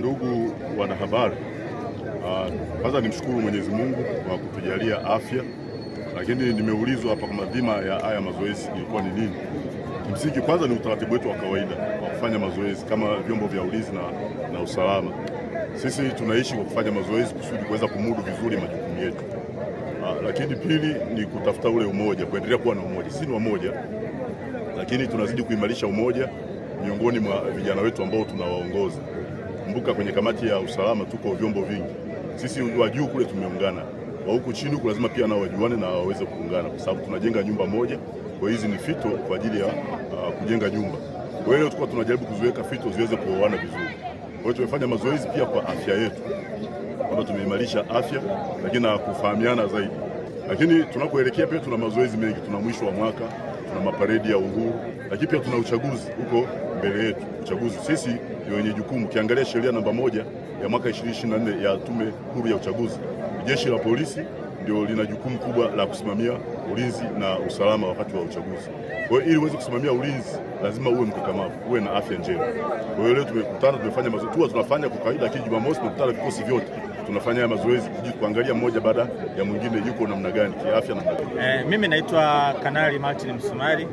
Ndugu wanahabari, ah, kwanza uh, nimshukuru Mwenyezi Mungu kwa kutujalia afya, lakini nimeulizwa hapa kama dhima ya haya mazoezi ilikuwa ni nini. Kimsingi kwanza ni utaratibu wetu wa kawaida wa kufanya mazoezi kama vyombo vya ulinzi na, na usalama sisi tunaishi kwa kufanya mazoezi kusudi kuweza kumudu vizuri majukumu yetu. Ah, lakini pili ni kutafuta ule umoja, kuendelea kuwa na umoja. Sisi ni wamoja, lakini tunazidi kuimarisha umoja miongoni mwa vijana wetu ambao tunawaongoza. Kumbuka kwenye kamati ya usalama tuko vyombo vingi, sisi wa juu kule tumeungana, wa huku chini huku lazima pia nao wajuane na waweze kuungana, kwa sababu tunajenga nyumba moja. Kwa hizi ni fito kwa ajili ya uh, kujenga nyumba. Kwa hiyo tulikuwa tunajaribu kuziweka fito ziweze kuoana vizuri. Kwa hiyo tumefanya mazoezi pia kwa afya yetu, kwamba tumeimarisha afya lakini na kufahamiana zaidi. Lakini tunakoelekea pia tuna mazoezi mengi, tuna mwisho wa mwaka, tuna maparedi ya uhuru, lakini pia tuna uchaguzi huko mbele yetu. Uchaguzi sisi ndio wenye jukumu. Ukiangalia sheria namba moja ya mwaka 2024 ya Tume Huru ya Uchaguzi, jeshi la polisi ndio lina jukumu kubwa la kusimamia ulinzi na usalama wakati wa uchaguzi. Kwa hiyo ili uweze kusimamia ulinzi lazima uwe mkakamavu, uwe na afya njema. Kwa hiyo leo tumekutana, tumefanya mazoezi tu tunafanya kwa kawaida, lakini Jumamosi tunakutana vikosi vyote tunafanya mazoezi kuangalia mmoja baada ya mwingine yuko namna gani kiafya namna gani. Eh, mimi naitwa Kanali Martin Msumari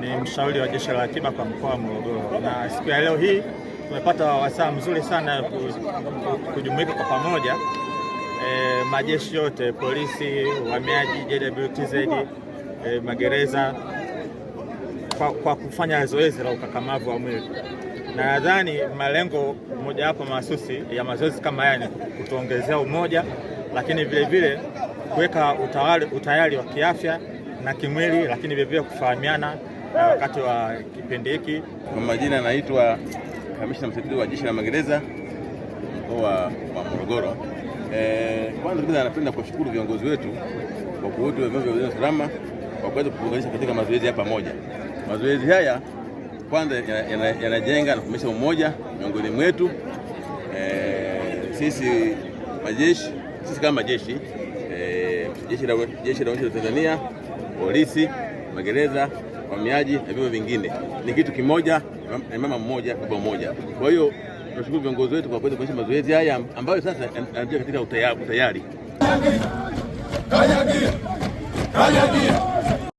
ni mshauri wa jeshi la akiba kwa mkoa wa Morogoro, na siku ya leo hii tumepata wasaa mzuri sana kujumuika kwa pamoja e, majeshi yote polisi, uhamiaji, JWTZ, e, eh, magereza kwa, kwa kufanya zoezi la ukakamavu wa mwili, na nadhani malengo mojawapo mahususi ya mazoezi kama haya ni kutuongezea umoja, lakini vilevile kuweka utayari wa kiafya na kimwili, lakini vilevile kufahamiana na wakati wa kipindi hiki. Kwa majina anaitwa kamishna msaidizi wa jeshi la magereza mkoa wa Morogoro. Eh, kwanza kabisa anapenda kuwashukuru viongozi wetu kwa kuwote wa vyombo vya usalama kwa kuweza kuunganisha katika mazoezi ya pamoja. Mazoezi haya kwanza yanajenga na kumisha umoja miongoni mwetu e, sisi majeshi sisi kama majeshi e, eh, jeshi la la Tanzania, polisi, magereza, wahamiaji na vyombo vingine ni kitu kimoja, na mama mmoja, baba mmoja. Kwa hiyo tunashukuru viongozi wetu kwa kuweza kuonyesha mazoezi haya ambayo sasa yanatia katika utayari.